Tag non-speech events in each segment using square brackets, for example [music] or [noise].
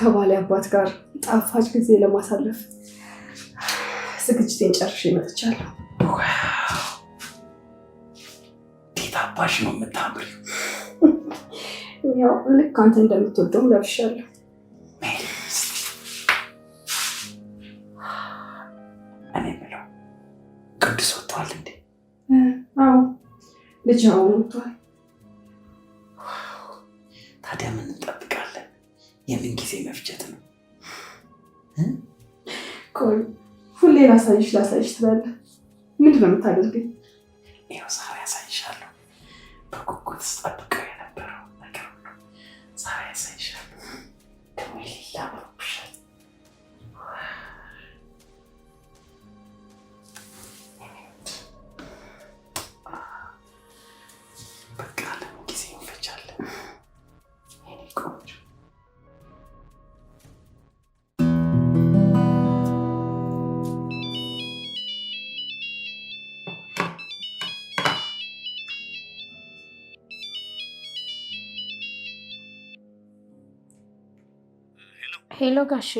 ከባሌ አባት ጋር ጣፋጭ ጊዜ ለማሳለፍ ዝግጅቴን ጨርሼ መጥቻለሁ። እንዴት አባሽ ነው የምታምሪው! ያው ልክ አንተ እንደምትወደውም ለብሻለሁ። እኔ የምለው ቅዱስ ወጥቷል እንዴ? አዎ ልጅ አሁን ወጥቷል። ላሳይሽ ላሳይሽ ትላለህ። ምንድን ነው የምታደርገኝ? ይኸው ዛሬ ያሳይሻለሁ። በጉጉት ሄሎ ጋሼ፣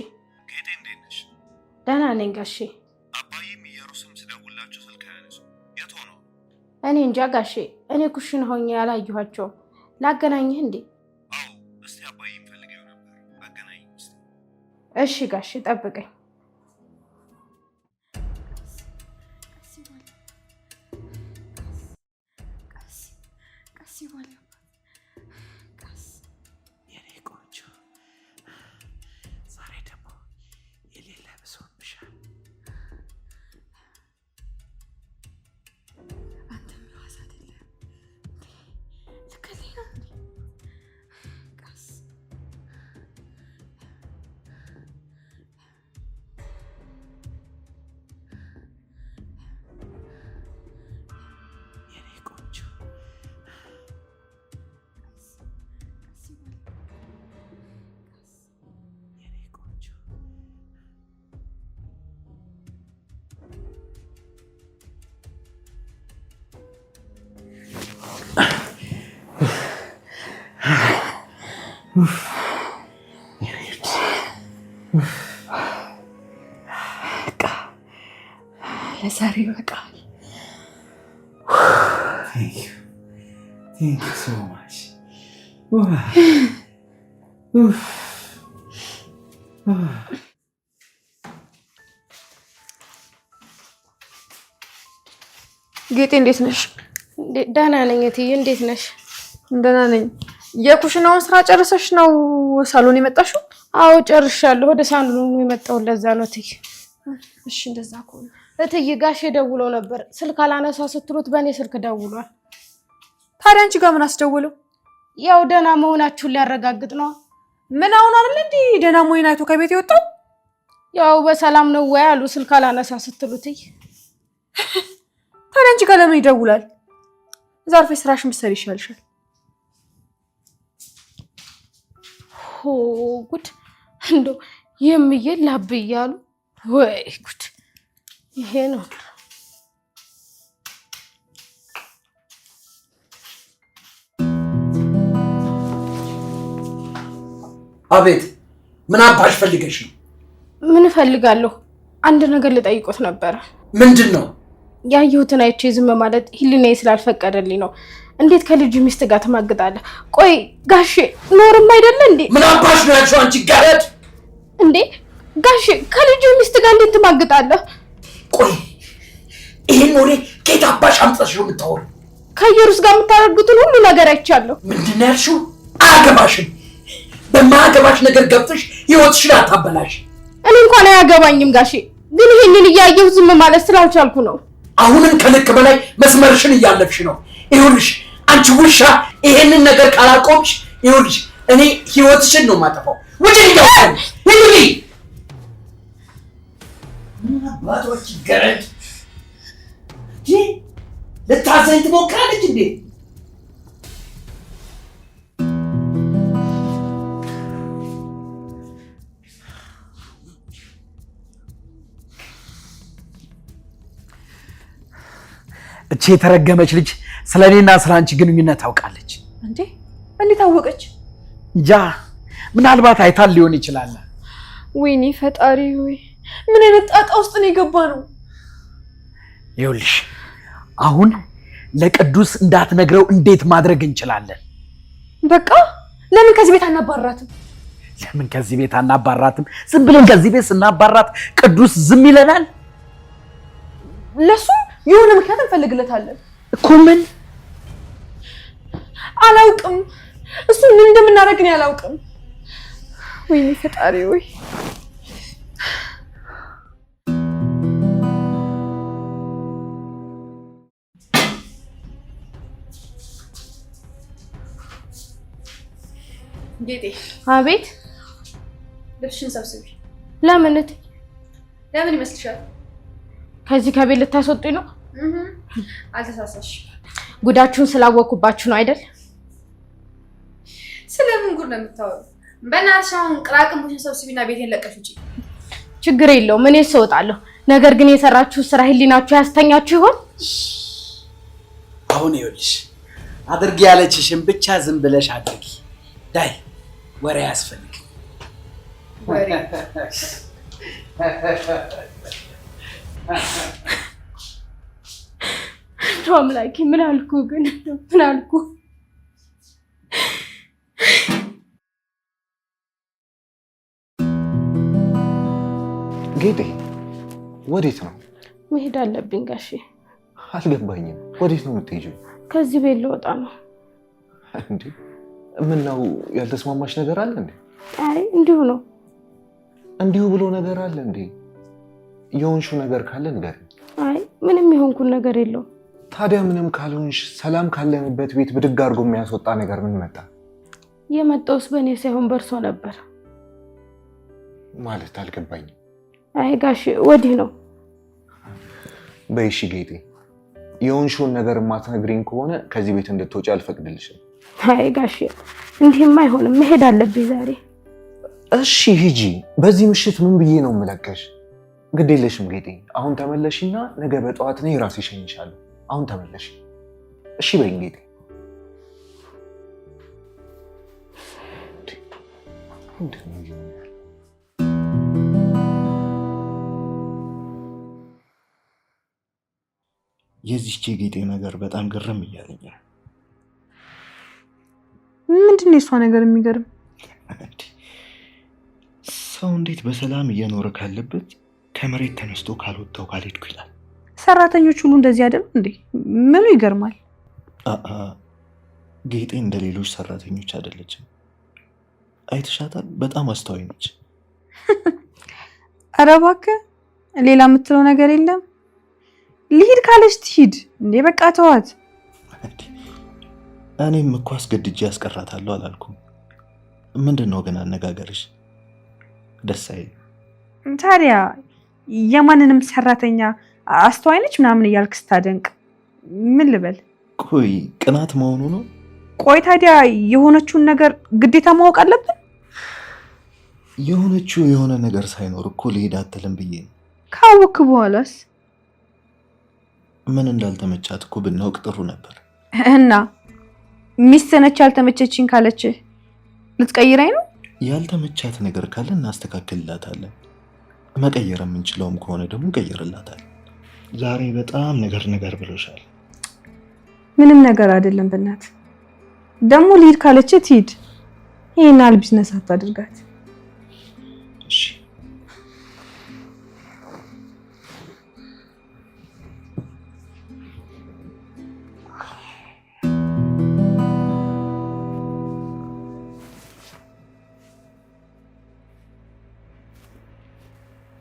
ጌጤ እንዴት ነሽ? ደህና ነኝ ጋሼ። አባዬም እየሩስም ስደውላቸው ስልክ ያነሱ የት ሆነው? እኔ እንጃ ጋሼ፣ እኔ ኩሽን ሆኜ ያላየኋቸውም። ላገናኝህ እንዴ? አዎ፣ እስቲ አባዬ የሚፈልገው ነበር። አገናኝ። እሺ ጋሼ፣ ጠብቀኝ። በቃ ለዛሬ ይበቃል። ጌጤ እንዴት ነሽ? ደህና ነኝ እትዬ፣ እንዴት ነሽ? ደህና ነኝ። የኩሽናውን ስራ ጨርሰሽ ነው ሳሎን የመጣሽው? አዎ ጨርሻለሁ። ወደ ሳሎኑ የመጣው ለዛ ነው እትዬ። እሺ እንደዛ ከሆነ እትዬ፣ ጋሼ ደውሎ ነበር ስልክ አላነሳ ስትሉት በእኔ ስልክ ደውሏል። ታዲያ አንቺ ጋር ምን አስደውለው? ያው ደህና መሆናችሁን ሊያረጋግጥ ነው። ምን አሁን አይደል እንዲ ደህና መሆኔን አይቶ ከቤት የወጣው? ያው በሰላም ነው ወይ አሉ ስልክ አላነሳ ስትሉት። እትዬ፣ ታዲያ አንቺ ጋር ለምን ይደውላል? ዛርፌ ስራሽን ብትሰሪ ይሻልሻል። ጉድ! እንደው የምዬ ላብ እያሉ ወይ ጉድ! ይሄ ነው አቤት። ምን አባሽ ፈልገሽ ነው? ምን እፈልጋለሁ? አንድ ነገር ልጠይቆት ነበረ። ምንድን ነው? ያየሁትን አይቼ ዝም ማለት ህሊናዬ ስላልፈቀደልኝ ነው። እንዴት ከልጁ ሚስት ጋር ትማግጣለህ? ቆይ ጋሼ ኖርም አይደለ እንዴ? ምን አባሽ ነው ያልሽው? አንቺ ጋረድ እንዴ ጋሼ፣ ከልጁ ሚስት ጋር እንዴት ትማግጣለህ? ቆይ ይሄን ወሬ ከየት አባሽ አምጥተሽ ነው የምታወሪው? ከኢየሩስ ጋር የምታደርጉትን ሁሉ ነገር አይቻለሁ። ምንድን ነው ያልሽው? አያገባሽም። በማያገባሽ ነገር ገብተሽ ህይወትሽን አታበላሽ። እኔ እንኳን አያገባኝም ጋሼ፣ ግን ይሄንን እያየሁ ዝም ማለት ስላልቻልኩ ነው። አሁንም ከልክ በላይ መስመርሽን እያለፍሽ ነው። ይኸውልሽ አንቺ ውሻ! ይሄንን ነገር ካላቆምሽ ይኸውልሽ እኔ ህይወትሽን ነው የማጠፋው። ውጭ ልጃል ይሉኝ ምናባቶች ገረድ ልታዘኝ ትሞክራለች እንዴ? እቺ የተረገመች ልጅ ስለ እኔና ስለ አንቺ ግንኙነት ታውቃለች። እንዴ እንዴት አወቀች? እንጃ ምናልባት አይታል ሊሆን ይችላል። ወይኔ ፈጣሪ ወይ ምን አይነት ጣጣ ውስጥ ነው የገባ ነው። ይኸውልሽ አሁን ለቅዱስ እንዳትነግረው እንዴት ማድረግ እንችላለን? በቃ ለምን ከዚህ ቤት አናባራትም? ለምን ከዚህ ቤት አናባራትም? ዝም ብለን ከዚህ ቤት ስናባራት ቅዱስ ዝም ይለናል። ለሱ የሆነ ምክንያት እንፈልግለታለን። እኮ ምን አላውቅም። እሱ ምን እንደምናደርግ ነው አላውቅም። ወይኔ ፈጣሪ ወይ ጌጤ አቤት። ልብስሽን ሰብስቢ። ለምን ለምን ይመስልሻል? ከዚህ ከቤት ልታስወጡኝ ነው? አልተሳሳሽ። ጉዳችሁን ስላወኩባችሁ ነው አይደል? ስለምን ጉድ ነው የምታወሩ? በእናትሽ አሁን ቅራቅንቦችን ሰብስቢና ቤቴን ለቀሽ ውጪ። ችግር የለውም እኔ እወጣለሁ። ነገር ግን የሰራችሁ ስራ ህሊናችሁ ያስተኛችሁ ይሆን? አሁን ይኸውልሽ አድርጊ ያለችሽን ብቻ ዝም ብለሽ አድርጊ። ዳይ ወሬ ያስፈልግ ወሬ [laughs] እንደው አምላኬ ምን አልኩ ግን ምን አልኩ? ጌጤ ወዴት ነው መሄድ አለብኝ? ጋሼ አልገባኝም። ወዴት ነው የምትሄጂው? ከዚህ ቤት ልወጣ ነው። እንዴ ምነው ያልተስማማሽ ነገር አለ እንዴ? አይ እንዲሁ ነው። እንዲሁ ብሎ ነገር አለ እንዴ? የሆንሽው ነገር ካለ ንገሪኝ። አይ ምንም የሆንኩን ነገር የለውም። ታዲያ ምንም ካልሆንሽ ሰላም ካለንበት ቤት ብድግ አድርጎ የሚያስወጣ ነገር ምን መጣ? የመጣውስ በእኔ ሳይሆን በእርሶ ነበር። ማለት አልገባኝ። አይ ጋሽ ወዲህ ነው በይሽ ጌጤ፣ የሆንሽውን ነገር የማትነግሪኝ ከሆነ ከዚህ ቤት እንድትወጪ አልፈቅድልሽም። አይ ጋሽ እንዲህም አይሆንም፣ መሄድ አለብኝ ዛሬ። እሺ ሂጂ። በዚህ ምሽት ምን ብዬ ነው የምለቀሽ? ግድ የለሽም ጌጤ፣ አሁን ተመለሽና ነገ በጠዋት እኔ ራሴ እሸኝሻለሁ። አሁን ተመለሽ። እሺ በይኝ ጌጤ። የዚች ጌጤ ነገር በጣም ግርም እያለኝ ነው። ምንድን ነው የእሷ ነገር የሚገርም? ሰው እንዴት በሰላም እየኖረ ካለበት ከመሬት ተነስቶ ካልወጣው ካልሄድኩ ይላል። ሰራተኞች ሁሉ እንደዚህ አይደሉ እንዴ? ምኑ ይገርማል? ጌጤ እንደ ሌሎች ሰራተኞች አይደለችም። አይተሻታል? በጣም አስተዋይ ነች። [laughs] ኧረ እባክህ ሌላ የምትለው ነገር የለም። ልሂድ ካለች ትሂድ እንዴ፣ በቃ ተዋት። እኔም እኮ አስገድጄ ያስቀራታለሁ አላልኩም። ምንድን ነው ግን አነጋገርሽ ደስ አይልም። ታዲያ የማንንም ሰራተኛ አስተዋይነች ምናምን እያልክ ስታደንቅ ምን ልበል? ቆይ ቅናት መሆኑ ነው? ቆይ ታዲያ የሆነችውን ነገር ግዴታ ማወቅ አለብን? የሆነችው የሆነ ነገር ሳይኖር እኮ ልሄድ አትልም ብዬ ካወክ በኋላስ ምን እንዳልተመቻት እኮ ብናውቅ ጥሩ ነበር። እና ሚስት ነች ያልተመቸችኝ ካለች ልትቀይረኝ ነው? ያልተመቻት ነገር ካለ እናስተካክልላታለን። መቀየር የምንችለውም ከሆነ ደግሞ እንቀይርላታለን። ዛሬ በጣም ነገር ነገር ብሎሻል። ምንም ነገር አይደለም። በእናት ደግሞ ልሂድ ካለች ትሂድ። ይሄን አል ቢዝነስ አታድርጋት።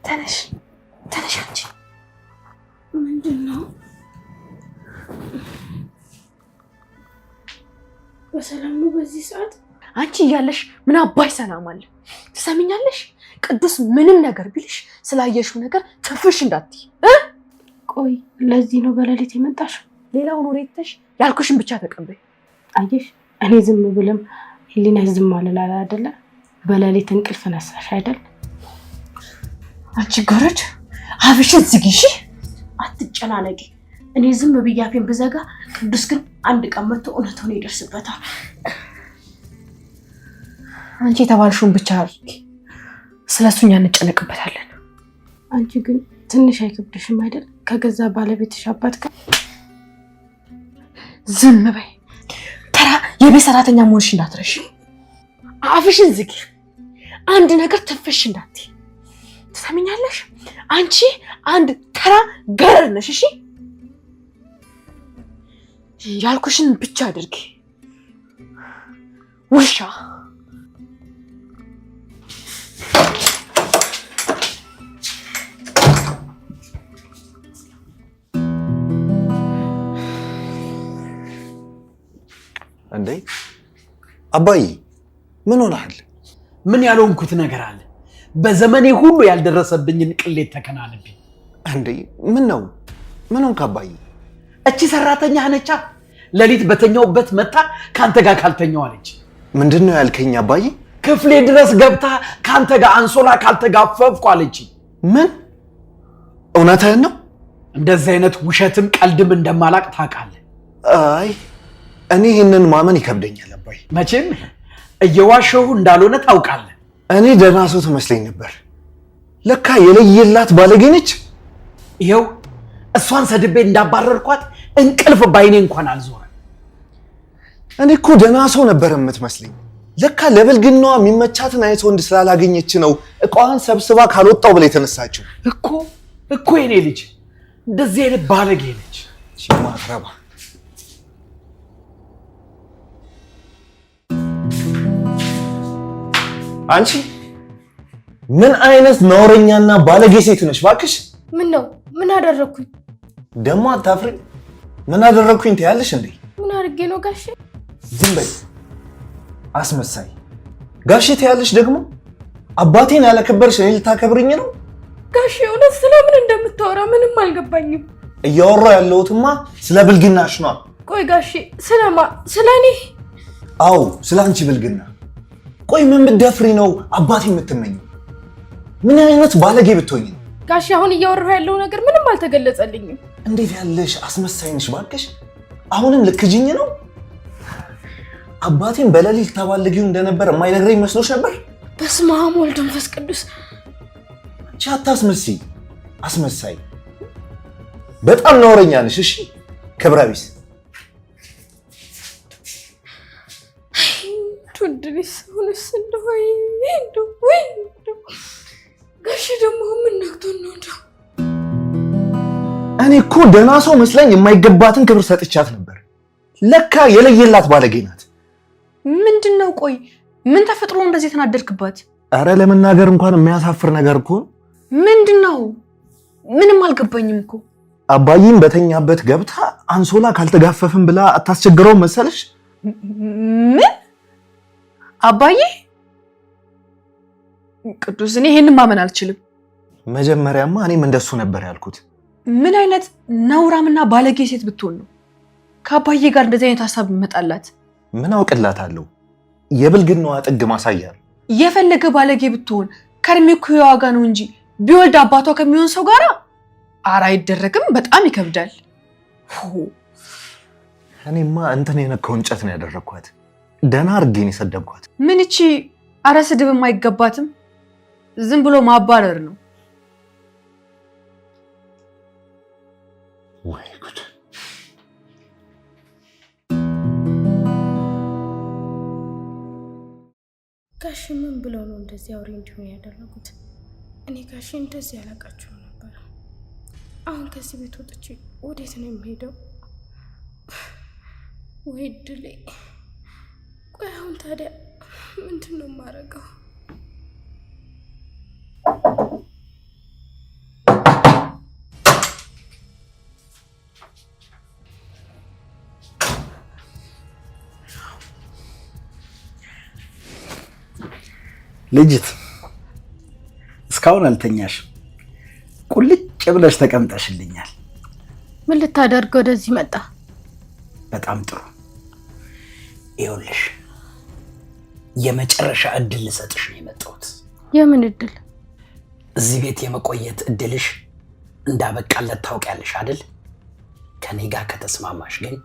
ተነሽ ተነሽ አንቺ ምንድን ነው? በሰላም ነው በዚህ ሰዓት? አንቺ እያለሽ ምን አባይ ሰላም አለ? ትሰምኛለሽ? ቅዱስ ምንም ነገር ቢልሽ ስላየሽው ነገር ትፍሽ እንዳትይ። ቆይ ለዚህ ነው በሌሊት የመጣሽ? ሌላውን ወሬ ትተሽ ያልኩሽን ብቻ ተቀበይ። አየሽ፣ እኔ ዝም ብልም ህሊና ዝም አልላል አይደለ? በሌሊት እንቅልፍ ነሳሽ አይደል? አንቺ ጎረድ አብሽን ዝጊሽ። አትጨናነቂ። እኔ ዝም ብዬ አፌን ብዘጋ፣ ቅዱስ ግን አንድ ቀን መጥቶ እውነቱን ይደርስበታል። አንቺ የተባልሽውን ብቻ አድርጊ፣ ስለ እሱ እኛ እንጨነቅበታለን። አንቺ ግን ትንሽ አይከብድሽም አይደል? ከገዛ ባለቤትሽ አባት ጋር ዝም በይ። ተራ የቤት ሰራተኛ መሆንሽ እንዳትረሽ፣ አፍሽን ዝጊ። አንድ ነገር ተፈሽ እንዳትይ ትሰሚኛለሽ? አንቺ አንድ ተራ ገረድ ነሽ። እሺ ያልኩሽን ብቻ አድርጊ። ውሻ እንዴ! አባዬ ምን ሆነሃል? ምን ያልሆንኩት ነገር አለ? በዘመኔ ሁሉ ያልደረሰብኝን ቅሌት ተከናንብኝ። እንዴ ምን ነው ምንም ሆንክ እቺ ሰራተኛ ነቻ ሌሊት በተኛውበት መታ ከአንተ ጋር ካልተኛው አለች። ምንድን ነው ያልከኝ አባዬ? ክፍሌ ድረስ ገብታ ከአንተ ጋር አንሶላ ካልተጋፈፍኩ አለች። ምን እውነትህን ነው? እንደዚህ አይነት ውሸትም ቀልድም እንደማላቅ ታውቃለህ። አይ እኔ ይህንን ማመን ይከብደኛል አባዬ። መቼም እየዋሸሁ እንዳልሆነ ታውቃለህ። እኔ ደህና ሰው ትመስለኝ ነበር። ለካ የለየላት ባለጌ ነች። ይኸው እሷን ሰድቤ እንዳባረርኳት እንቅልፍ ባይኔ እንኳን አልዞረም። እኔ እኮ ደህና ሰው ነበር የምትመስለኝ። ለካ ለብልግናዋ የሚመቻትን አይነት ወንድ ስላላገኘች ነው እቃዋን ሰብስባ ካልወጣው ብላ የተነሳችው። እኮ እኮ የኔ ልጅ እንደዚህ አይነት ባለጌ ነች ማረባ አንቺ ምን አይነት ነውረኛና ባለጌ ሴት ነሽ? እባክሽ ምን ነው ምን አደረግኩኝ? ደግሞ አታፍሪ። ምን አደረግኩኝ ትያለሽ እንዴ? ምን አድርጌ ነው ጋሼ? ዝም በይ አስመሳይ ጋሼ ትያለሽ ደግሞ። አባቴን ያለከበርሽ እኔ ልታከብርኝ ነው ጋሼ? እውነት ስለምን እንደምታወራ ምንም አልገባኝም። እያወራ ያለሁትማ ስለ ብልግናሽ ነው። ቆይ ጋሼ ስለማ ስለ እኔ? አዎ ስለ አንቺ ብልግና ቆይ ምን ብትደፍሪ ነው አባት የምትመኘው? ምን አይነት ባለጌ ብትሆኝ ነው? ጋሽ አሁን እያወራሁ ያለው ነገር ምንም አልተገለጸልኝም። እንዴት ያለሽ አስመሳይ ነሽ ባልከሽ። አሁንም ልክጅኝ ነው? አባቴን በሌሊት ታባልጊው እንደነበር የማይነግረኝ መስሎሽ ነበር? በስመ አብ መንፈስ ቅዱስ። አንቺ አታስመስይ፣ አስመሳይ በጣም ነውረኛ ነሽ። እሺ ክብረ ቢስ ወንድንስ ሆነስ እንደው ወይ ጋሽ ደግሞ ምን ነው እኔ እኮ ደህና ሰው መስለኝ የማይገባትን ክብር ሰጥቻት ነበር። ለካ የለየላት ባለጌ ናት። ምንድን ነው ቆይ ምን ተፈጥሮ እንደዚህ የተናደድክባት? አረ ለመናገር እንኳን የሚያሳፍር ነገር እኮ ምንድን ነው? ምንም አልገባኝም እኮ አባይም በተኛበት ገብታ አንሶላ ካልተጋፈፍን ብላ አታስቸግረው መሰለሽ? ምን አባዬ ቅዱስ፣ እኔ ይሄንን ማመን አልችልም። መጀመሪያማ እኔም እንደሱ ነበር ያልኩት። ምን አይነት ነውራምና ባለጌ ሴት ብትሆን ነው ከአባዬ ጋር እንደዚህ አይነት ሀሳብ መጣላት ምን አውቅላታለሁ? የብልግናዋ ጥግ ማሳያ የፈለገ ባለጌ ብትሆን ከእድሜ ኩያ ነው እንጂ ቢወልድ አባቷ ከሚሆን ሰው ጋር አራ አይደረግም። በጣም ይከብዳል። እኔማ እንትን የነካው እንጨት ነው ያደረግኳት። ደህና አድርጌን የሰደብኳት። ምን እቺ አረ ስድብም አይገባትም። ዝም ብሎ ማባረር ነው። ወይ ጉድ! ጋሽ ምን ብለው ነው እንደዚህ አውሬ እንዲሆን ያደረጉት? እኔ ጋሽ እንደዚህ ያላቃቸው ነበር። አሁን ከዚህ ቤት ወጥቼ ወዴት ነው የሚሄደው? ወይ ድሌ ቆይ አሁን ታዲያ ምንድን ነው የማደርገው? ልጅት እስካሁን አልተኛሽ፣ ቁልጭ ብለሽ ተቀምጠሽልኛል። ምን ልታደርግ ወደዚህ መጣ? በጣም ጥሩ ይኸውልሽ የመጨረሻ እድል ልሰጥሽ ነው የመጣሁት። የምን እድል? እዚህ ቤት የመቆየት እድልሽ እንዳበቃለት ታውቂያለሽ አይደል? ከኔ ጋር ከተስማማሽ ግን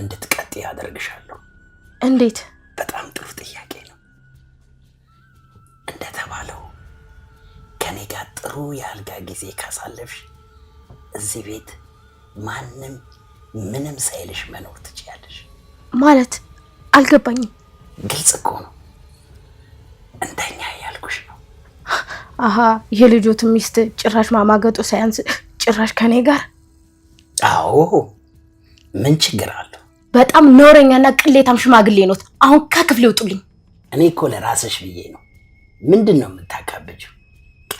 እንድትቀጥ ያደርግሻለሁ። እንዴት? በጣም ጥሩ ጥያቄ ነው። እንደተባለው ከኔ ጋር ጥሩ የአልጋ ጊዜ ካሳለፍሽ እዚህ ቤት ማንም ምንም ሳይልሽ መኖር ትችያለሽ። ማለት አልገባኝም። ግልጽ እኮ ነው። እንደኛ እያልኩሽ ነው። አሀ የልጆት ሚስት ጭራሽ ማማገጡ ሳያንስ ጭራሽ ከኔ ጋር አዎ፣ ምን ችግር አለው? በጣም ነውረኛና ቅሌታም ሽማግሌ ኖት። አሁን ከክፍል ይውጡልኝ። እኔ እኮ ለራስሽ ብዬ ነው። ምንድን ነው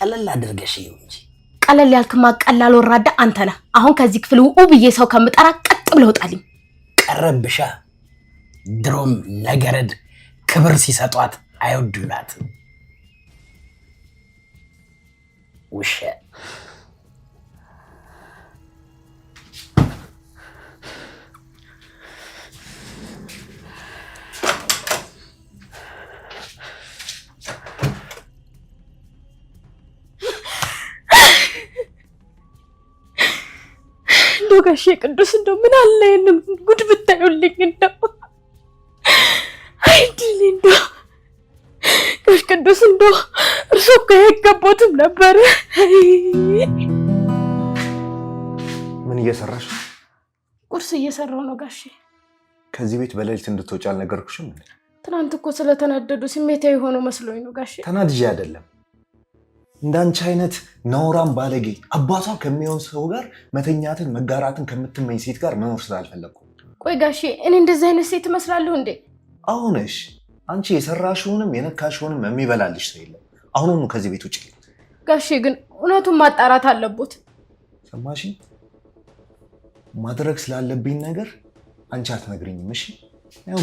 ቀለል አድርገሽ ይው እንጂ። ቀለል ያልክማ ቀላል ወራዳ አንተ ነህ። አሁን ከዚህ ክፍል ውኡ ብዬ ሰው ከምጠራ ቀጥ ብለውጣልኝ። ቀረብሻ ድሮም ነገረድ ክብር ሲሰጧት አይወዱላት። ውሸ እንደው ጋሼ ቅዱስ እንደው ምን አለ ይሄንን ጉድ ብታዩልኝ እንደው አይዲ አድርግልኝ። እንዶ ጋሽ ቅዱስ እንዶ እርሱ እኮ አይገባትም ነበረ። ምን እየሰራሽ? ቁርስ እየሰራው ነው ጋሼ። ከዚህ ቤት በሌሊት እንድትወጪ አልነገርኩሽም? ትናንት እኮ ስለተናደዱ ስሜታዊ የሆነው መስሎኝ ነው ጋሼ። ተናድጄ አይደለም እንዳንቺ አይነት ነውራም ባለጌ አባቷ ከሚሆን ሰው ጋር መተኛትን መጋራትን ከምትመኝ ሴት ጋር መኖር ስላልፈለግኩ። ቆይ ጋሼ እኔ እንደዚህ አይነት ሴት እመስላለሁ እንዴ? አሁነሽ አንቺ የሰራሽውንም የነካሽውንም የሚበላልሽ ሰው የለም። አሁኑኑ ከዚህ ቤት ውጭ። ጋሼ ግን እውነቱን ማጣራት አለቦት። ሰማሽ? ማድረግ ስላለብኝ ነገር አንቺ አትነግሪኝም። እሺ? ያው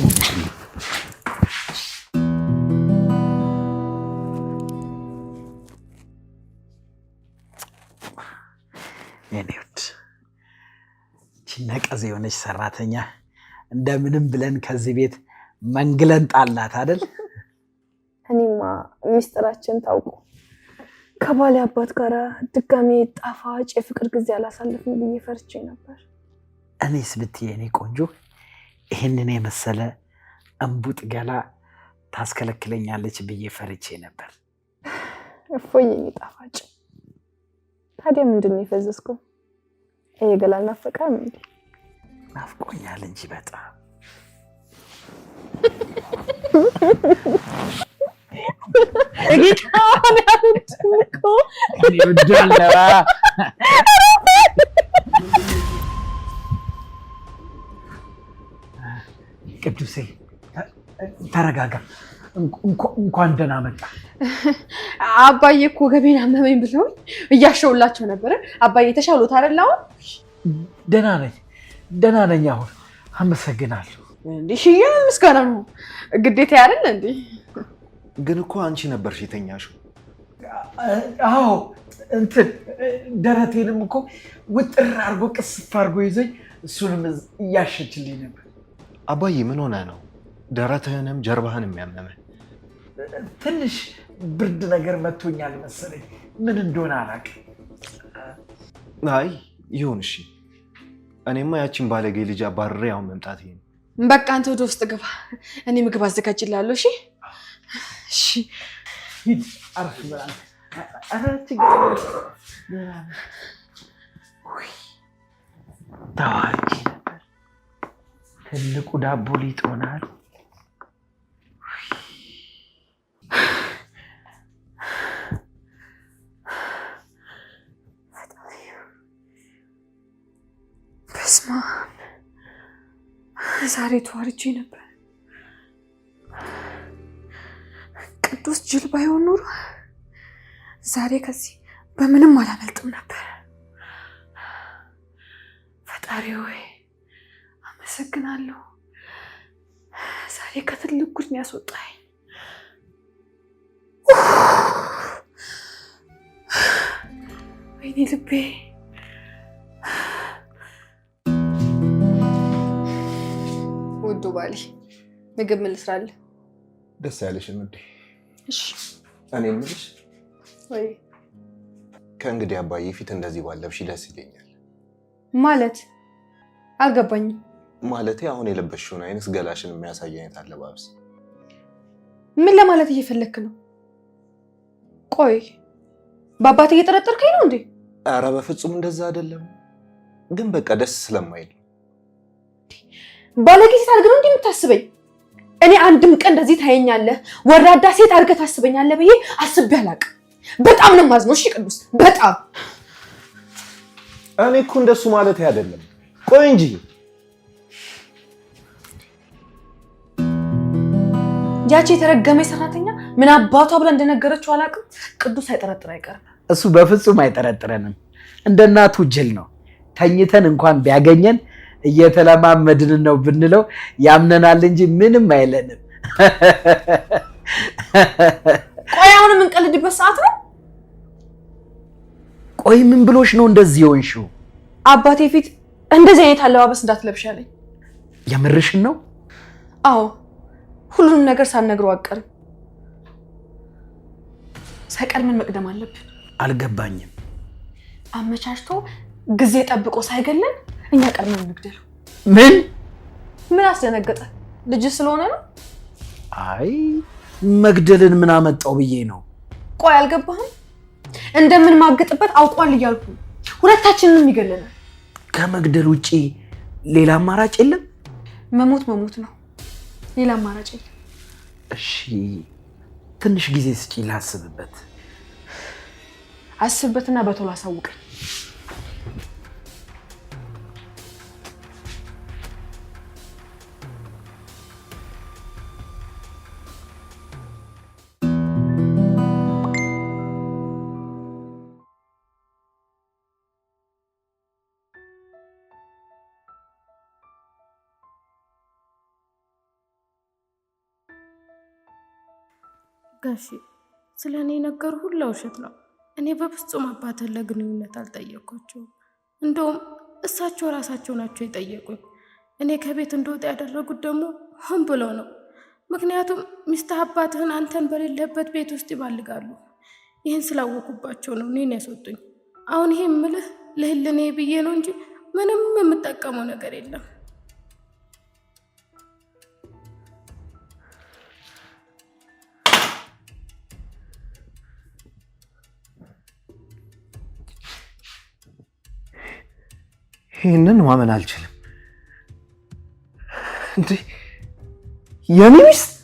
ነቀዝ የሆነች ሰራተኛ እንደምንም ብለን ከዚህ ቤት መንግለን ጣላት አይደል? እኔማ ሚስጥራችን ታውቁ ከባሌ አባት ጋር ድጋሜ ጣፋጭ የፍቅር ጊዜ አላሳልፍም ብዬ ፈርቼ ነበር። እኔስ ብትይ የኔ ቆንጆ ይህንን የመሰለ እምቡጥ ገላ ታስከለክለኛለች ብዬ ፈርቼ ነበር። እፎይ የኔ ጣፋጭ፣ ታዲያ ምንድን ነው የፈዘዝከው? ይሄ ገላ አልናፈቀም እንዴ? ናፍቆኛል እንጂ በጣም ቅዱሴ ተረጋጋ። እንኳን ደህና መጣ። አባዬ እኮ ገቤን አመመኝ ብለውኝ እያሸውላቸው ነበረ። አባዬ ተሻሎት አይደል? አሁን ደህና ነኝ፣ ደህና ነኝ አሁን። አመሰግናለሁ። ሽያ ምስጋና ግዴታ ያደል እንዴ? ግን እኮ አንቺ ነበርሽ የተኛሽው። አዎ እንትን ደረቴንም እኮ ውጥር አድርጎ ቅስፍ አድርጎ ይዘኝ እሱንም እያሸችልኝ ነበር። አባዬ ምን ሆነ ነው ደረትህንም ጀርባህን የሚያመመ? ትንሽ ብርድ ነገር መቶኛል መሰለኝ፣ ምን እንደሆነ አላውቅም። አይ ይሁን እሺ። እኔማ ያችን ባለጌ ልጅ አባርሬ አሁን መምጣት ይሄን በቃ አንተ ወደ ውስጥ ግባ፣ እኔ ምግብ አዘጋጅላለሁ። እሺ፣ እሺ። ሂድ አረፍ ታዋቂ ነበር። ትልቁ ዳቦ ሊጥ ሆናል። በስመ አብ ዛሬ ተዋርጄ ነበር። ቅዱስ ጅል ባይሆን ኖሮ ዛሬ ከዚህ በምንም አላመልጥም ነበር። ፈጣሪ ወይ አመሰግናለሁ። ዛሬ ከትልቅ ጉድ ነው ያስወጣኝ። ወይኔ ልቤ ውዱ ባሌ ምግብ ምን ልስራልህ? ደስ ያለሽን ውዴ። እኔ የምልሽ ወይ ከእንግዲህ አባዬ ፊት እንደዚህ ባለብሽ ደስ ይለኛል። ማለት አልገባኝም። ማለት አሁን የለበሽውን አይነት ገላሽን የሚያሳይ አይነት አለባበስ። ምን ለማለት እየፈለክ ነው? ቆይ በአባት እየጠረጠርከኝ ነው እንዴ? ኧረ በፍጹም እንደዛ አይደለም፣ ግን በቃ ደስ ስለማይል ባለጌ ሴት አድርገህ ነው እንዲህ የምታስበኝ? እኔ አንድም ቀን እንደዚህ ታየኛለህ ወራዳ ሴት አድርገህ ታስበኛለህ ብዬ አስቤ አላቅም። በጣም ነው የማዝነው። እሺ ቅዱስ፣ በጣም እኔ እኮ እንደሱ ማለት አይደለም። ቆይ እንጂ ያቺ የተረገመ ሰራተኛ ምን አባቷ ብላ እንደነገረችው አላውቅም። ቅዱስ ሳይጠረጥር አይቀርም። እሱ በፍጹም አይጠረጥረንም። እንደ እናቱ ጅል ነው። ተኝተን እንኳን ቢያገኘን እየተለማመድን ነው ብንለው ያምነናል እንጂ ምንም አይለንም። ቆይ አሁን የምንቀልድበት ሰዓት ነው። ቆይ ምን ብሎሽ ነው እንደዚህ የሆንሽው? አባቴ ፊት እንደዚህ አይነት አለባበስ እንዳትለብሽ አለኝ። የምርሽን ነው? አዎ ሁሉንም ነገር ሳልነግረው አቀርም። ሳይቀድመን መቅደም አለብን። አልገባኝም። አመቻችቶ ጊዜ ጠብቆ ሳይገለን እኛ ቀድመን እንግደለው። ምን ምን አስደነገጠ? ልጅ ስለሆነ ነው። አይ መግደልን ምን አመጣው ብዬ ነው። ቆይ አልገባህም? እንደምንማግጥበት አውቋል እያልኩ ሁለታችንንም ይገለናል። ከመግደል ውጪ ሌላ አማራጭ የለም። መሞት መሞት ነው። ሌላ አማራጭ የለም። እሺ ትንሽ ጊዜ ስጪ ላስብበት። አስብበትና በቶሎ አሳውቀኝ። ጋሺ ስለ እኔ ነገር ሁላ ውሸት ነው። እኔ በፍጹም አባትን ለግንኙነት አልጠየቅኳቸውም። እንደውም እሳቸው ራሳቸው ናቸው የጠየቁኝ። እኔ ከቤት እንደወጣ ያደረጉት ደግሞ ሆን ብለው ነው። ምክንያቱም ሚስትህ አባትህን አንተን በሌለበት ቤት ውስጥ ይባልጋሉ። ይህን ስላወቁባቸው ነው እኔን ያስወጡኝ። አሁን ይህም ምልህ ለህልኔ ብዬ ነው እንጂ ምንም የምጠቀመው ነገር የለም። ይህንን ማመን አልችልም። እንዴ የኔ ሚስት